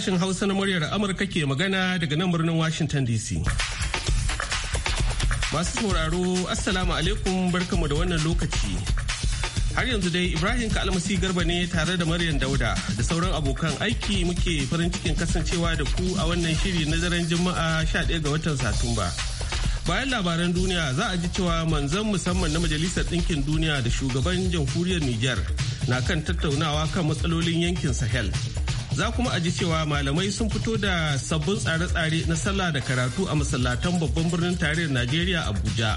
Sashen Hausa na muryar Amurka ke magana daga nan birnin Washington DC. Masu sauraro, Assalamu alaikum barkamu da wannan lokaci. Har yanzu dai Ibrahim Kalmasi Garba ne tare da Maryam Dauda da sauran abokan aiki muke farin cikin kasancewa da ku a wannan shiri na daren Juma'a 11 ga watan Satumba. Bayan labaran duniya za a ji cewa manzan musamman na Majalisar Ɗinkin Duniya da shugaban jamhuriyar Nijar na kan tattaunawa kan matsalolin yankin Sahel. za kuma a ji cewa malamai sun fito da sabbin tsare-tsare na sallah da karatu a masallatan babban birnin tarihin najeriya abuja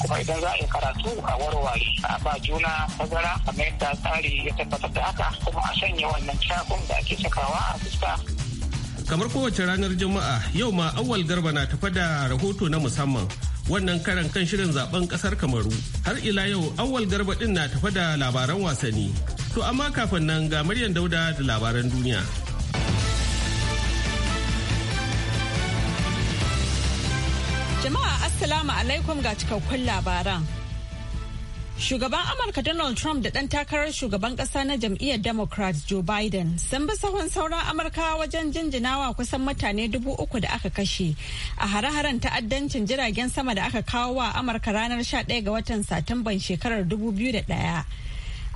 kuma idan za a yi karatu a warware a ba juna tazara a mayar da tsari ya tabbatar da haka kuma a sanya wannan shagun da ake sakawa a fuska kamar kowace ranar juma'a yau ma awal garba na tafa da rahoto na musamman wannan karan kan shirin zaben kasar kamaru har ila yau awal garba din na tafa da labaran wasanni To amma kafin nan ga Maryam Dauda da labaran duniya. Jama'a Assalamu alaikum ga cikakkun labaran. Shugaban Amurka Donald Trump da ɗan takarar shugaban ƙasa na jam'iyyar Democrat Joe Biden sun bi sahun sauran amurka wajen jinjinawa kusan mutane dubu uku da aka kashe a hare-haren ta'addancin jiragen sama da aka kawo wa Amurka ranar 11 ga watan Satumban shekarar 2001.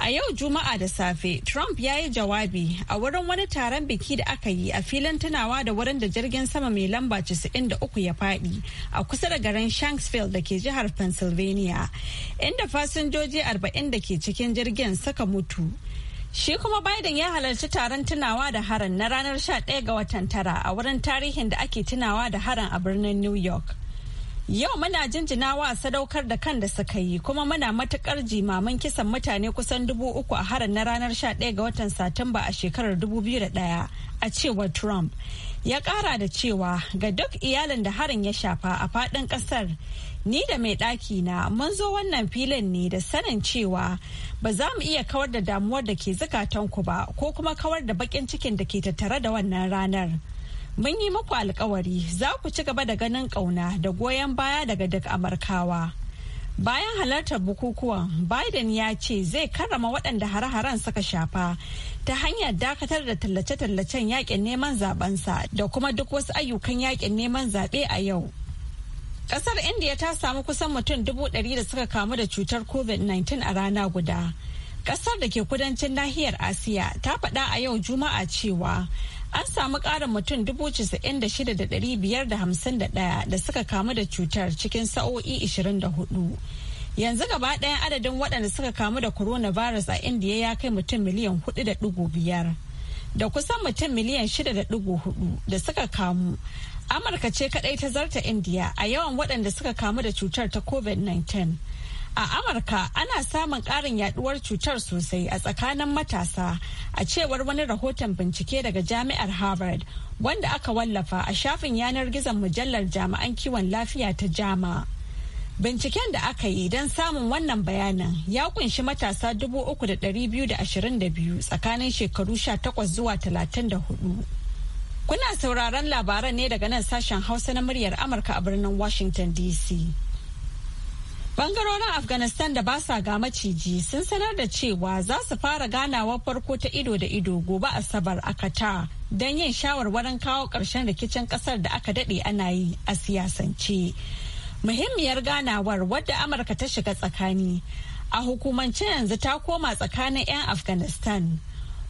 A yau Juma'a da safe, Trump ya yi jawabi a wurin wani taron biki da aka yi a filin tunawa da wurin da jirgin sama mai lamba 93 ya faɗi a kusa da garin Shanksville da ke jihar Pennsylvania, inda fasinjoji 40 da ke cikin jirgin suka mutu. Shi kuma Biden ya halarci taron tunawa da haran na ranar 11 ga watan tara a wurin tarihin da ake tunawa da haran a birnin New York. Yau muna jinjinawa a sadaukar da kan da suka yi kuma muna matukar jimaman kisan mutane kusan dubu uku a harin na ranar 11 ga watan Satumba a shekarar 2001 a cewar Trump. Ya kara da cewa ga duk iyalin da harin ya shafa a fadin kasar ni da mai ɗaki na mun zo wannan filin ne da sanin cewa ba za mu iya kawar da damuwar da ke zukatanku ba ko kuma kawar da bakin cikin da ke tattare da wannan ranar. Mun yi muku alkawari za ku ci gaba da ganin ƙauna da goyon baya daga duk Amurkawa. Bayan halartar bukukuwan, Biden ya ce zai karrama waɗanda hare-haren suka shafa ta hanyar dakatar da tallace-tallacen yakin neman zabensa da kuma duk wasu ayyukan yakin neman zaɓe a yau. Ƙasar India ta samu kusan mutum dubu ɗari da suka kamu da cutar COVID-19 a rana guda. Ƙasar da ke kudancin nahiyar Asiya ta faɗa a yau Juma'a cewa an samu ƙarin mutum 96,551 da suka kamu da cutar cikin sa'o'i 24. Yanzu gaba ɗayan adadin waɗanda suka kamu da coronavirus a indiya ya kai mutum miliyan 4.5 da kusan mutum miliyan 6.4 da suka kamu. Amurka ce kaɗai ta zarta indiya a yawan waɗanda suka kamu da cutar ta COVID-19. A Amurka ana samun ƙarin yaduwar cutar sosai a tsakanin matasa a cewar wani rahoton bincike daga jami'ar Harvard wanda aka wallafa a shafin yanar gizon mujallar jami'an kiwon lafiya ta jama. Binciken da aka yi don samun wannan bayanin ya kunshi matasa 3,222 tsakanin shekaru 18 zuwa 34. Kuna sauraron labaran ne daga nan sashen Hausa na muryar Amurka a birnin Washington DC. Bangarorin Afghanistan da ba sa ga maciji sun sanar da cewa za su fara ganawar farko ta ido da ido gobe Asabar a kata don yin shawarwarin kawo ƙarshen rikicin ƙasar da aka daɗe ana yi a siyasance. Muhimmiyar ganawar wadda Amurka ta shiga tsakani a hukumance yanzu ta koma tsakanin 'yan Afghanistan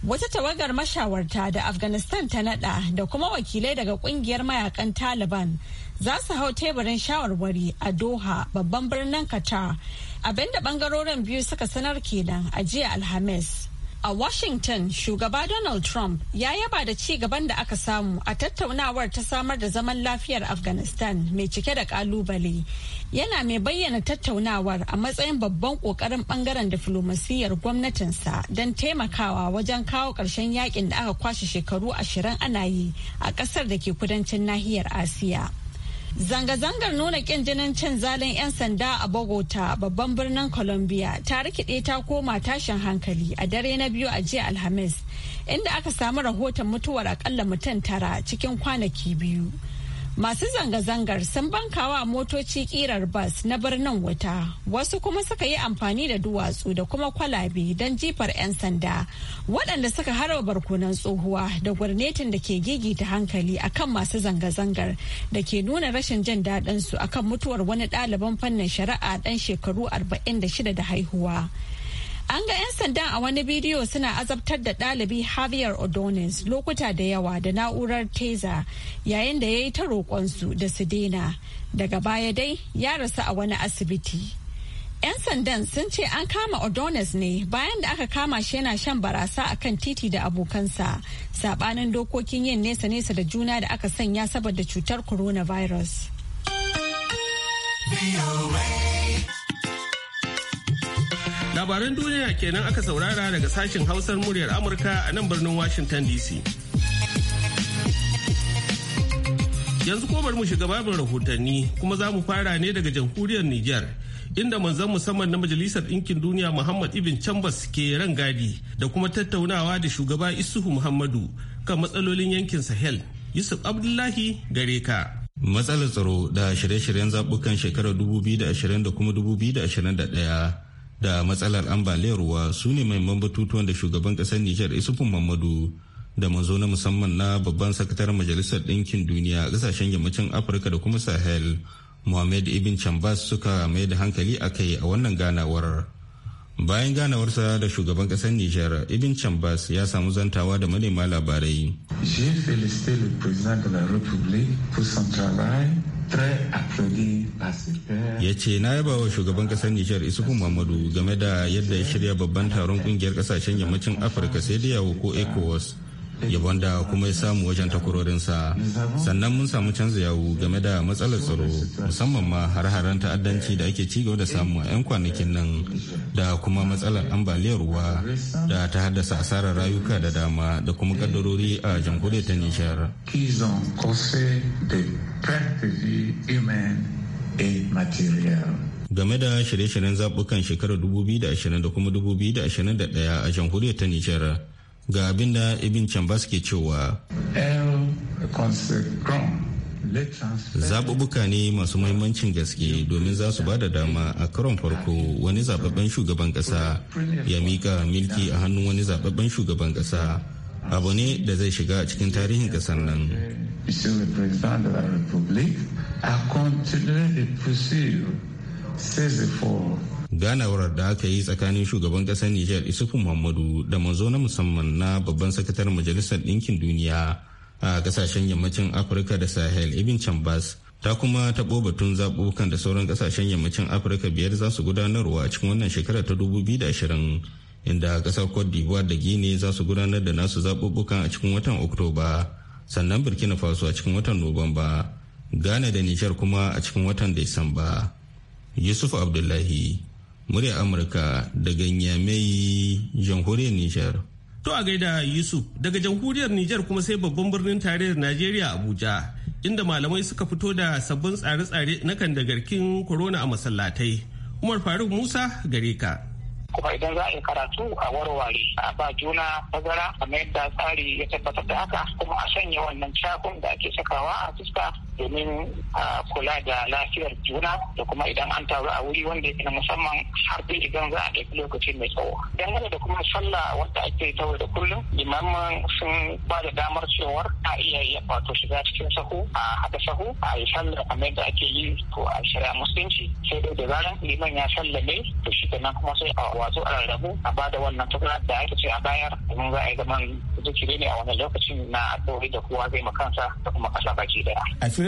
Wata tawagar mashawarta da Afghanistan ta nada da kuma wakilai daga kungiyar mayakan Taliban za su hau teburin shawarwari a Doha babban birnin Qatar abinda bangarorin biyu suka sanar kenan a jiya Alhamis. A Washington, shugaba Donald Trump ya yaba da ci gaban da aka samu a tattaunawar ta samar da zaman lafiyar Afghanistan mai cike da kalubale. Yana mai bayyana tattaunawar a matsayin babban kokarin bangaren diflomasiyyar gwamnatinsa don taimakawa wajen kawo ƙarshen yakin da aka kwashe shekaru ashirin ana yi a ƙasar da ke kudancin nahiyar Asiya. Zanga-zangar nuna ƙin jinin cin zalin 'yan sanda a Bogota babban birnin Colombia ta rikide ta koma tashin hankali a dare na biyu a jiya Alhamis, inda aka samu rahoton mutuwar akalla mutum tara cikin kwanaki biyu. Masu zanga-zangar sun bankawa motoci kirar bas na birnin wuta, wasu kuma suka yi amfani da duwatsu da kuma kwalabe don jifar 'yan sanda, waɗanda suka harba barkunan tsohuwa da gwarnetin da ke gigita hankali akan masu zanga-zangar da ke nuna rashin jin daɗinsu akan mutuwar wani ɗaliban fannin shari'a ɗan shekaru 46 da haihuwa. An ga 'yan sandan a wani bidiyo suna azabtar da ɗalibi Javier Odonis lokuta da yawa da na'urar teza yayin da ya yi ta roƙonsu da su daina. Daga baya dai ya rasu a wani asibiti. 'Yan sandan sun ce an kama Odonis ne bayan da aka kama shi yana shan barasa a kan titi da abokansa, sabanin dokokin yin nesa-nesa da juna da aka sanya saboda cutar coronavirus. labaran duniya kenan aka saurara daga sashen hausar muryar amurka a nan birnin washington dc yanzu ko bari mu shiga babin rahotanni kuma za mu fara ne daga jamhuriyar Nijar inda manzon musamman na majalisar ɗinkin duniya Muhammad Ibn chambers ke ran gadi da kuma tattaunawa da shugaba Isuhu Muhammadu kan matsalolin yankin Sahel. Yusuf Abdullahi gare ka. Matsalar tsaro da shirye-shiryen zaɓukan shekarar 2020 da kuma 2021 da matsalar ambaliyar ruwa su ne maimman batutuwan da shugaban kasar Nijar isufin Mamadu da manzo na musamman na babban sakataren majalisar ɗinkin duniya a ƙasashen yammacin Afirka da kuma Sahel Mohamed Ibn Chambas suka mai da hankali a kai a wannan ganawar. Bayan ganawarsa da shugaban ƙasar Nijar, Ibn Chambas ya samu zantawa da manema labarai. J'ai le président de la République pour son travail ya ce na yaba wa shugaban kasar nijar isufu muhammadu game da yadda ya shirya babban taron kungiyar kasashen yammacin afirka sai da yawo ko ecowas yabon da kuma ya samu wajen takwarorinsa sannan mun samu canza yawu game da matsalar tsaro musamman ma har-haren ta'addanci da ake cigaba da samu a 'yan kwanakin nan da kuma matsalar ambaliyar ruwa da ta haddasa asarar rayuka da dama da kuma kaddarori a jamhuriyar ta nishar game da shirye-shiryen zaɓukan shekarar 2020 da kuma 2021 a jamhuriyar ta nijar ga abin da ibn chambers ke cewa zaɓuɓɓuka ne masu mahimmancin gaske domin za su ba da dama a karon farko wani zababben shugaban ƙasa ya mika milki a hannun wani zababben shugaban ƙasa abu ne da zai shiga a cikin tarihin ƙasar nan ganawar da aka yi tsakanin shugaban ƙasar nijar isufu muhammadu da manzo na musamman na babban sakataren majalisar ɗinkin duniya a kasashen yammacin afirka da sahel ibn chambers ta kuma taɓo batun zaɓuɓɓukan da sauran kasashen yammacin afirka biyar za su gudanarwa a cikin wannan shekara ta 2020 inda ƙasar cote d'ivoire da guinea za su gudanar da nasu zaɓuɓɓukan a cikin watan oktoba sannan burkina faso a cikin watan nuwamba ghana da nijar kuma a cikin watan disamba yusuf abdullahi murya amurka daga nyamai jamhuriyar nijar to a gaida yusuf daga jamhuriyar nijar kuma sai babban birnin tarayyar najeriya abuja inda malamai suka fito da sabbin tsare-tsare na kandagarkin corona a masallatai umar faruk musa gare ka kuma idan za a yi karatu a warware a ba juna tazara kamar yadda tsari ya tabbatar da haka kuma a sanya wannan cakun da ake sakawa a fuska domin a kula da lafiyar juna da kuma idan an taru a wuri wanda yake na musamman har da idan za a ɗauki lokaci mai tsawo dangane da kuma sallah wanda ake tawo da kullum limaman sun ba da damar cewar a iya iya wato shiga cikin sahu a haɗa sahu a yi sallah kamar yadda ake yi ko a shari'a musulunci sai dai da zaran liman ya ne. to shi kenan kuma sai a wato a rarrabu a ba da wannan tukura da ake ce a bayar domin za a yi zaman zikiri ne a wani lokacin na ɗori da kowa zai kansa. da kuma ƙasa baki daya.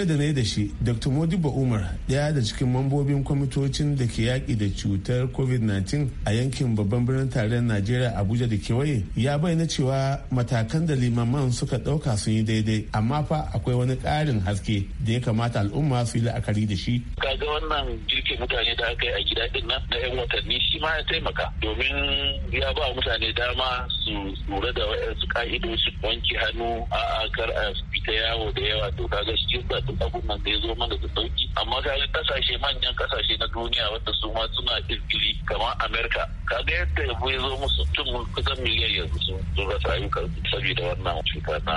tare da da shi dr modibo umar daya da cikin mambobin kwamitocin da ke yaƙi da cutar covid-19 a yankin babban birnin tarayyar najeriya abuja da kewaye ya bayyana cewa matakan da limaman suka ɗauka sun yi daidai amma fa akwai wani ƙarin haske da ya kamata al'umma su yi la'akari da shi kaga wannan jirgin mutane da aka yi a gida din nan na 'yan watanni shi ma ya taimaka domin ya ba mutane dama su lura da wa'yansu ka'idoci wanke hannu a kar a fita yawo da yawa to kaga shi ba duk nan da ya zo mana da sauki amma kaga kasashe manyan kasashe na duniya wanda su ma suna kirkiri kamar amerika kaga yadda yabo ya zo musu tun kusan miliyan yanzu sun rasa ayyukan saboda wannan cuta na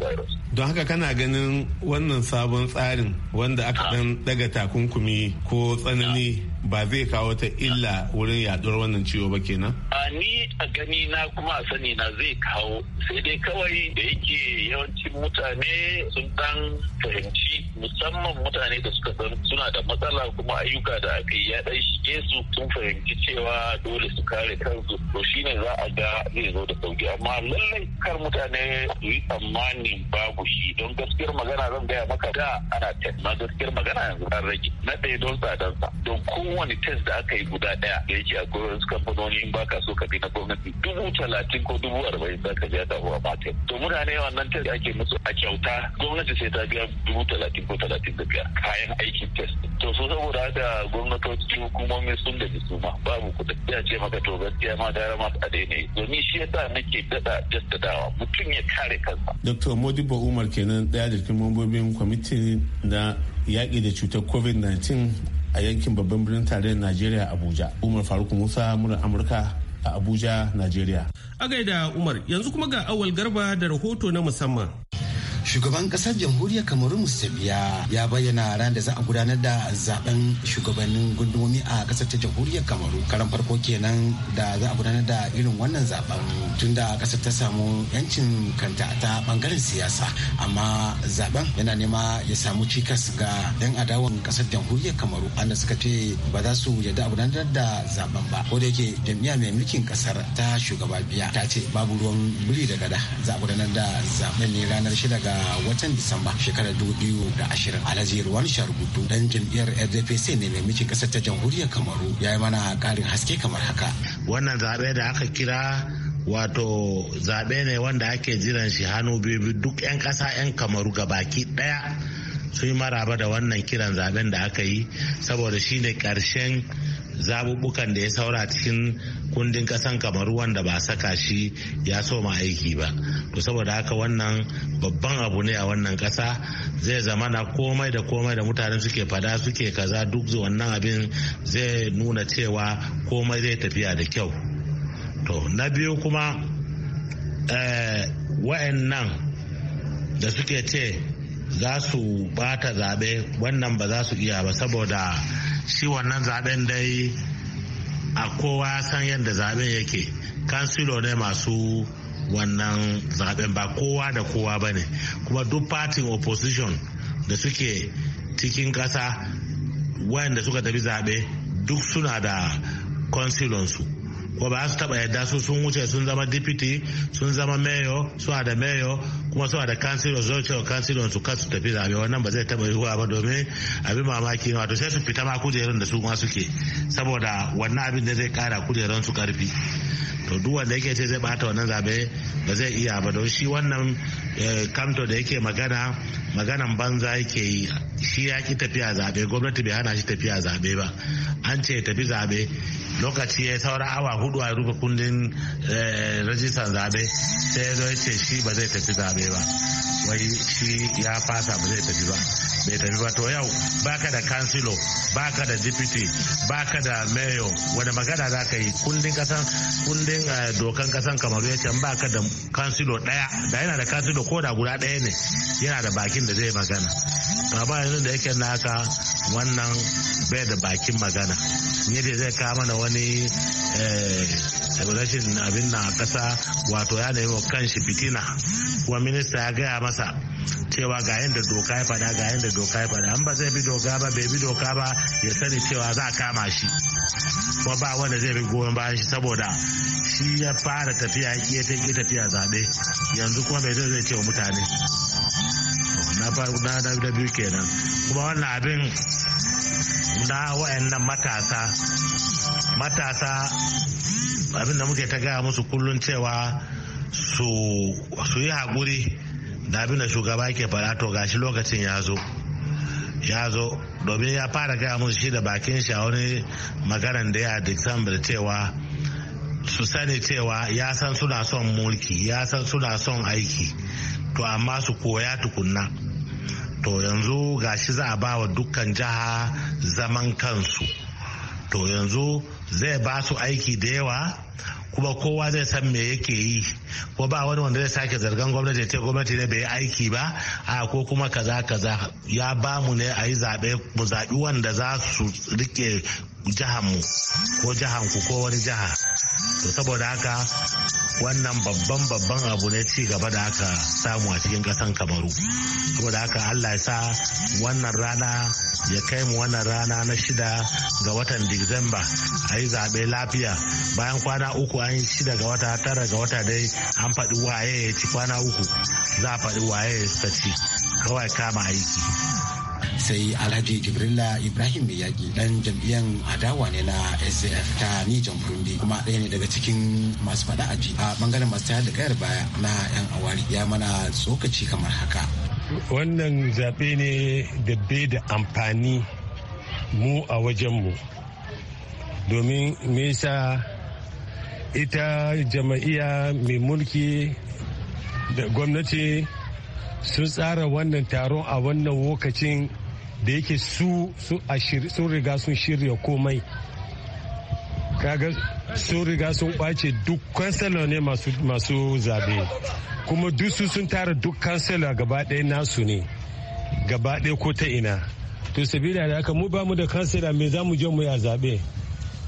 virus. don haka kana ganin wannan sabon tsarin wanda aka dan ah. daga takunkumi ko tsanani ah. ba zai kawo ta illa wurin yaduwar wannan ciwo ba kenan? A ni a gani na kuma a sani na zai kawo sai dai kawai da yake yawancin mutane sun dan fahimci musamman mutane da suka san suna da matsala kuma ayyuka da aka yi ya dan shige su sun fahimci cewa dole su kare kansu to shine za a ga zai zo da sauki amma lallai kar mutane su yi tsammani babu shi don gaskiyar magana zan gaya maka da ana tattalin gaskiyar magana yanzu an rage na ɗaya don tsadansa don ko kowane test da aka yi guda daya da yake a wasu kamfanoni in baka so ka bi na gwamnati dubu talatin ko dubu arba'in za ka biya hura mata to mutane nan test ake musu a kyauta gwamnati sai ta biya dubu talatin ko talatin da biyar kayan aikin test to su saboda haka gwamnatoci hukumomi sun da su ma babu kuɗi ya ce maka to gaskiya ma gara ma a daina yi domin shi yasa nake daɗa jaddadawa mutum ya kare kansa. Dr. Modibo Umar kenan daya da cikin mambobin kwamitin na yaƙi da cutar COVID-19 a yankin babban birnin tarayyar najeriya abuja umar faruk musa murar amurka a abuja najeriya a gaida umar yanzu kuma ga awal garba da rahoto na musamman shugaban kasar jamhuriyar kamaru biya ya bayyana ran da za a gudanar da zaben shugabannin gundumomi a kasar ta jamhuriyar kamaru karan farko kenan da za a gudanar da irin wannan zaben tun da kasar ta samu yancin kanta ta bangaren siyasa amma zaben yana nema ya samu cikas ga yan adawan kasar jamhuriyar kamaru anda suka ce ba za su yarda a gudanar da zaben ba ko da yake jami'a mai mulkin kasar ta shugaba biya ta ce babu ruwan biri da gada za a gudanar da zaben ne ranar shida ga watan Disamba shekarar 2020 Alhaji Ruwan Sharbutu dan jam'iyyar FDPC ne mai mulkin kasar ta jamhuriyar Kamaru ya yi mana karin haske kamar haka. Wannan zaɓe da aka kira wato zaɓe ne wanda ake jiran shi hannu biyu duk 'yan ƙasa 'yan Kamaru ga baki ɗaya sun yi maraba da wannan kiran zaɓen da aka yi saboda shine karshen. zaɓuɓɓukan da ya saura cikin kundin ƙasan kamar wanda ba saka shi ya so ma aiki ba to saboda haka wannan babban abu ne a wannan ƙasa zai zama na komai da komai da mutane suke fada suke kaza duk wannan abin zai nuna cewa komai zai tafiya da kyau to na biyu kuma eh, wa'annan da suke ce za su bata zaɓe wannan ba za su iya ba saboda shi wannan zaben dai a kowa san yadda zaben yake kansilo ne masu wannan zaben ba kowa da kowa ba ne kuma duk fatin opposition da suke cikin ƙasa wayanda suka tafi zaɓe duk suna da su. ba ba su taba yadda su sun wuce sun zama deputy sun zama mayor su da mayor kuma su da councilor su cewa councilor su kasu tafi zabe wannan ba zai taba yiwuwa ba domin abin mamaki wato sai su fita ma kujerun da su ma suke saboda wannan abin da zai kara kujerun su karfi to duk wanda yake ce zai bata wannan zabe ba zai iya ba don shi wannan eh, kamto da yake magana maganan banza yake yi shi ya ki tafiya zabe gwamnati bai hana shi tafiya zabe ba an ce tafi zabe lokaci ya saura awa hudu a rufe kundin eh, rajistar zabe sai ya zo ya ce shi ba zai tafi zabe ba wai shi ya fasa ba zai tafi ba bai tafi ba to yau baka da kansilo baka da deputy baka da mayo wani magana za ka yi kundin kasan kundin eh, dokan kasan kamar ya ce baka da kansilo daya da yana da kansilo ko da guda daya ne yana da bakin da zai magana amma yanzu da yake naka wannan bai da bakin magana yadda zai kawo mana wani eh, rashin abin na kasa wato ya nemi kanshi fitina kuma minista ya gaya masa cewa ga yadda doka ya fada ga yadda doka ya fada an ba zai bi doka ba bai bi doka ba ya sani cewa za a kama shi kuma ba wanda zai bi goyon bayan shi saboda shi ya fara tafiya ya ta tafiya zaɓe yanzu kuma bai zai ce wa mutane na biyu kenan kuma wannan abin na matasa matasa abin da muke ta gaya musu kullum cewa su yi haƙuri da abin da shugaba ke faɗa to gashi lokacin ya zo ya zo domin ya fara gaya musu shi da bakin shi a wani maganar da ya december cewa su sani cewa ya san suna son mulki ya san suna son aiki to amma su koya tukunna to yanzu gashi za a ba wa dukkan jiha zaman kansu to yanzu zai ba su aiki da yawa kuma kowa zai san me yake yi ko ba wani wanda zai sake zargan gwamnati ta gwamnati ne bai aiki ba a ko kuma kaza kaza ya ba mu ne a yi zaɓe mu zaɓi wanda za su rike mu ko jihanku ko wani jiha to saboda haka wannan babban babban abu ne ci gaba da aka samu a cikin kasan kamaru saboda haka allah ya sa wannan rana ya kai mu wannan rana na shida ga watan disamba a yi zaɓe lafiya bayan kwana uku an yi shida ga wata tara ga wata dai an faɗi waye ya ci kwana uku za a faɗi waye ya ci kawai kama aiki sai alhaji jibrila ibrahim mai yaƙi dan jam'iyyar adawa ne na sdf ta nijan burundi kuma ɗaya ne daga cikin masu faɗa a ji. a bangaren masu tayar da kayar baya na yan awari ya mana tsokaci kamar haka wannan zaɓe ne da bai da amfani mu a wajenmu domin me yasa ita jama'iya mai mulki da gwamnati sun tsara wannan taron a wannan lokacin da yake su sun riga sun shirya komai kaga sun riga sun ɓace duk kansila ne masu zabe kuma duk su sun tara duk kansila gaba ɗaya nasu ne gaba ɗaya ko ta ina to sabida da haka mu ba mu da kansila me za mu je mu ya zabe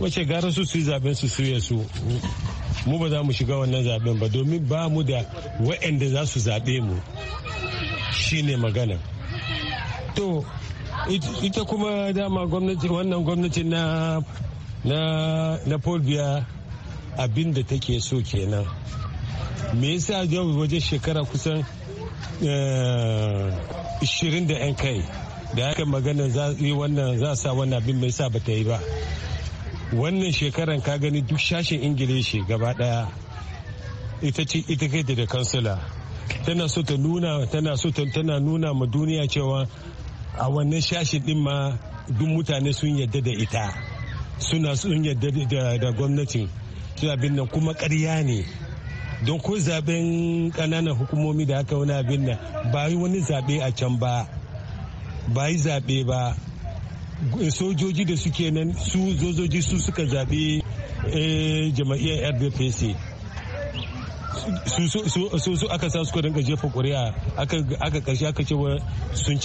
wace gara su su zaben su suya su mu ba za mu shiga wannan zaben ba domin ba mu da wa'anda za su zabe mu shine magana to ita kuma dama gwamnati wannan gwamnati na na na polbiya abinda take so kenan me yasa yau wajen shekara kusan 20 eh, da 'yan kai da aka magana za yi wannan za sa wannan abin mai sa bata yi ba wannan shekaran ka gani duk shashin ingilishi gaba daya ita ce ita kai da kansula tana so ta nuna tana so ta nuna ma duniya cewa a wannan shashi din ma duk mutane sun yadda da ita suna sun yadda da gwamnatin suna bin nan kuma karya ne don ko zaben ƙananan hukumomi da aka wani abin nan ba yi wani zaɓe a can ba ba yi zaɓe ba sojoji da suke nan su zozoji su suka zaɓe eh, jama'iyyar rdpc su su aka sa suka dinga jefa kuri'a aka karshe aka ce sun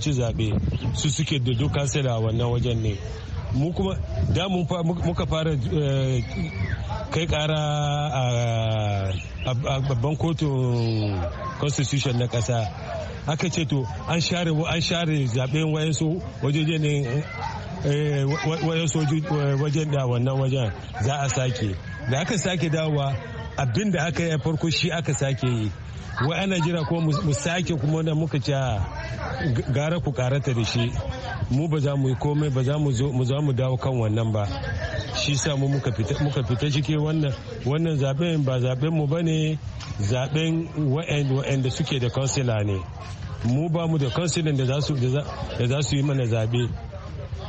ci zaɓe su suke da dukkan sai da wannan wajen ne mu kuma da muka fara eh, kai kara a babban kotun constitution na kasa aka ce to an share an share zaben wayansu wajeje ne eh, wajen da wannan wajen za a sake da aka sake dawowa abin da aka yi farko shi aka sake yi wai ana jira ko mu sake kuma da muka ci ah, gara ku karata da shi mu ba za mu yi komai ba za mu za mu dawo kan wannan ba shi sa mu muka fita cike wannan wannan zaben ba zaben mu bane zaben wa'anda suke da kansila ne mu ba mu da kansilan da za su yi mana zabe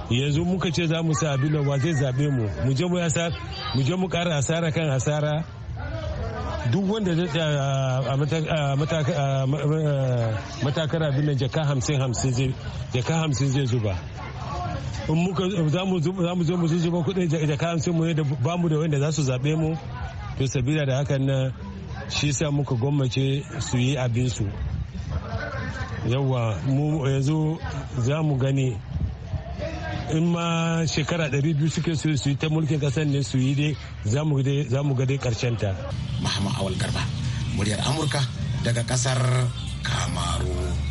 yanzu muka ce za mu sa abin wa zai zabe mu mu je mu mu kara asara kan asara duk wanda uh, uh, uh, matakar abin da jaka hamsin hamsin jaka hamsin zai zuba in muka za mu zo mu zuba kudin jaka hamsin mu da ba mu da wanda za su zaɓe mu to sabila da hakan nan shi sa muka gwammace su yi abinsu yawwa mu yanzu za mu gani in ma shekara ɗari biyu suke su su yi ta mulkin ƙasar ne su yi dai za mu ga dai ƙarshen ta. Mahama Awal Garba, muryar Amurka daga kasar Kamaru.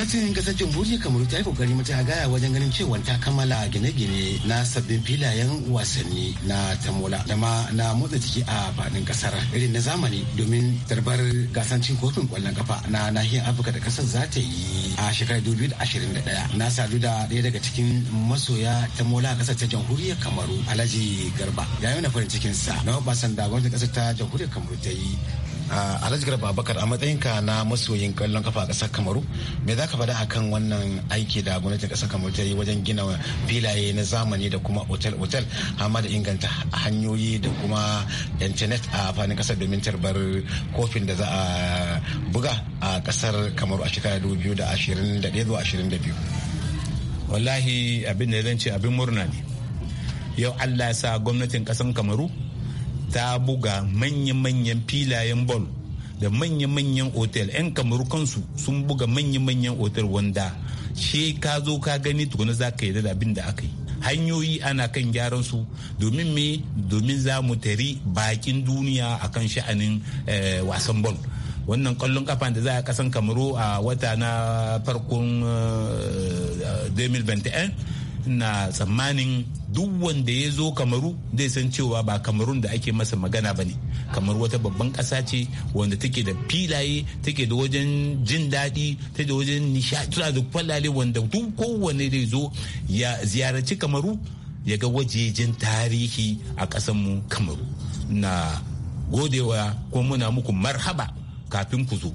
gwamnatin kasar jamhuriyar kamaru ta yi kokari mata gaya wajen ganin cewa ta kammala gine-gine na sabbin filayen wasanni na tamola da ma na motsa jiki a faɗin kasar irin na zamani domin darbar gasar gasancin kofin kwallon kafa na nahiyar afirka da kasar za ta yi a shekarar 2021 na sadu da ɗaya daga cikin masoya tamola a kasar ta jamhuriyar kamaru alhaji garba ya yi farin cikin sa na wabasan da gwamnatin kasar ta jamhuriyar kamaru ta yi Alhaji Babakar a matsayinka na masoyin kallon kafa a ƙasar Kamaru me za ka faɗa kan wannan aiki da gwamnatin ƙasar Kamaru ta yi wajen gina filaye na zamani da kuma otel-otel amma da inganta hanyoyi da kuma internet a fannin ƙasar domin tarbar kofin da za a buga a ƙasar Kamaru a shekarar 2021 zuwa 22. Wallahi abin da zan ce abin murna ne. Yau Allah ya sa gwamnatin ƙasar Kamaru ta buga manya-manyan filayen bol da manya-manyan otel 'yan kamaru kansu sun buga manya-manyan otel wanda she ka zo ka gani tukuna za ka yi da abin da aka yi hanyoyi ana kan gyaran su domin me domin za mu tari bakin duniya a kan sha'anin eh, wasan bol wannan kwallon kafa da za a kasan kamaru a wata na farkon eh, eh, 2021 na tsammanin duk wanda ya zo kamaru zai san cewa ba kamarun da ake masa magana ba ne kamar wata babban ƙasa ce wanda take da filaye take da wajen jin daɗi take da wajen nishaɗi tana da kwallale wanda duk kowane zai zo ya ziyarci kamaru ya ga wajejen tarihi a ƙasanmu kamaru na godewa ko muna muku marhaba kafin ku zo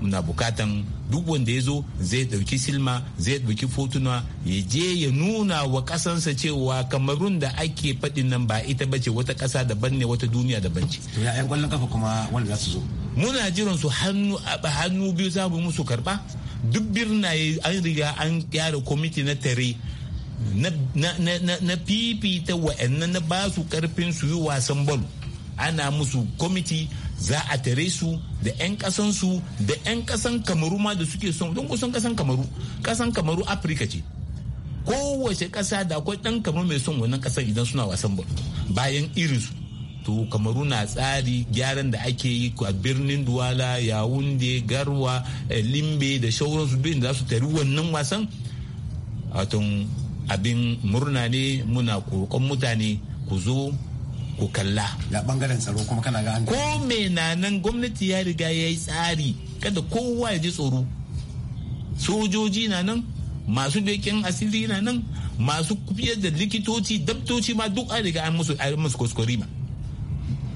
muna bukatan duk wanda ya zo zai ɗauki silma zai ɗauki fotuna ya je ya nuna wa kasansa cewa kamarun da ake faɗin nan ba ita bace wata ƙasa daban ne wata duniya daban ce. to ya 'yan kafa kuma wanda za su zo. muna jiran su hannu hannu biyu za mu musu karba duk birnaye an riga an gyara kwamiti na tare na fifita wa'annan na ba su karfin su yi wasan ball ana musu kwamiti za a tare su da 'yan kasansu da 'yan kasan kamaru ma da suke son don kusan kasan kamaru kasan kamaru afirka ce kowace kasa da akwai dan kamar mai son wannan kasa idan suna wasan bayan irinsu to kamaru na tsari gyaran da ake yi a birnin duwala yawunde garwa eh, limbe da shauransu bin da su tari wannan wasan wato abin murna ne muna kokon mutane ku zo ku kalla bangaren tsaro kuma kana ga ko me na nan gwamnati ya riga ya yi tsari kada kowa ya ji tsoro sojoji na nan masu bekin asiri na nan masu kufiyar da likitoci dabtoci ma duk an riga an musu kuskure ma.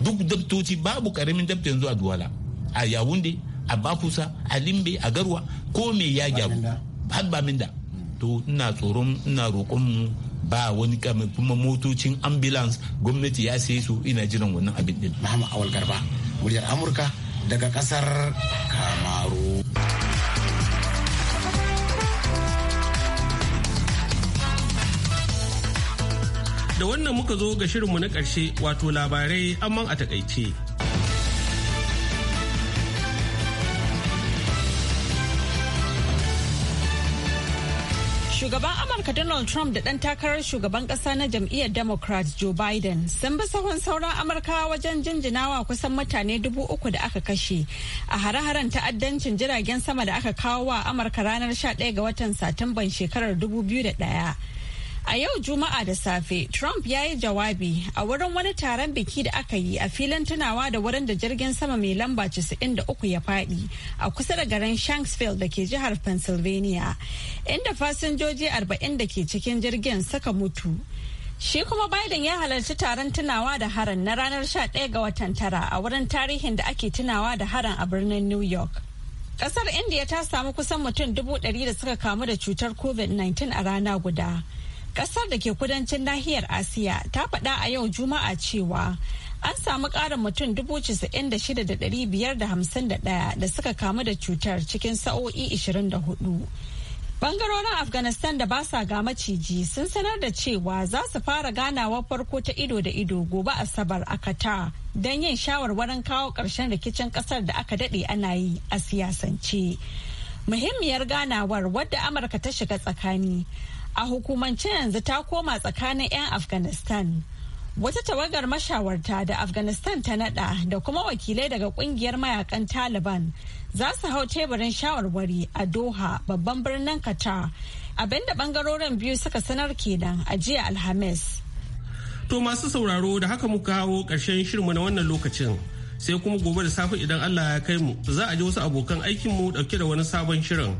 duk dabtoci babu karamin dabta yanzu a duwala a yawunde a bafusa a limbe a garwa ko me ya gyaru har ba min to ina tsoron ina roƙon mu ba wani kuma motocin ambulance gwamnati ya sai su ina jiran wannan abin din mahamman Awal Garba muryar Amurka daga kasar Kamaru Da wannan muka zo ga shirinmu na ƙarshe wato labarai amman a takaice. Shugaban Amurka Donald Trump da ɗan takarar shugaban ƙasa na jam'iyyar Democrat Joe Biden sun bi sahun sauran Amurka wajen jinjinawa kusan mutane dubu uku da aka kashe a hare-haren ta'addancin jiragen sama da aka kawo wa Amurka ranar 11 ga watan Satumban shekarar 2001. A yau Juma'a da safe, Trump ya yi jawabi a wurin wani taron biki da aka yi a filin tunawa da wurin da jirgin sama mai lamba 93 ya fadi a kusa da garin Shanksville da ke jihar Pennsylvania, inda fasinjoji 40 da ke cikin jirgin suka mutu. Shi kuma Biden ya halarci taron tunawa da haran na ranar 11 ga watan tara a wurin tarihin da ake tunawa da haran a birnin New York. Kasar India ta samu kusan mutum dubu da suka kamu da cutar COVID-19 a rana guda. Kasar da ke kudancin nahiyar Asiya ta faɗa a yau Juma'a cewa an samu ƙarin mutum 96,551 da suka kamu da cutar cikin sa'o'i 24. Bangarorin Afghanistan da ba ga maciji sun sanar da cewa za su fara ganawar farko ta ido da ido gobe Asabar a kata don yin shawarwarin kawo ƙarshen rikicin ƙasar da aka daɗe ana yi a siyasance. Muhimmiyar ganawar wadda Amurka ta shiga tsakani a hukumance yanzu ta koma tsakanin 'yan afghanistan wata tawagar mashawarta da afghanistan ta nada da kuma wakilai daga kungiyar mayakan taliban za su hau teburin shawarwari a doha babban birnin qatar abinda bangarorin biyu suka sanar kenan a jiya alhamis to masu sauraro da haka muka kawo karshen shirmu na wannan lokacin sai kuma gobe da safe idan allah ya kai mu za a ji wasu abokan aikinmu dauke da wani sabon shirin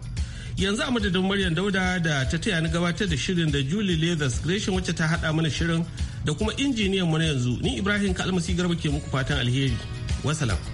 yanzu a madadin Maryam Dauda da ta taya ni gabatar da shirin da Julie Leathers Gresham wacce ta hada mana shirin da kuma injiniyan mu na yanzu ni Ibrahim Kalmasi Garba ke muku fatan alheri. Wasalam.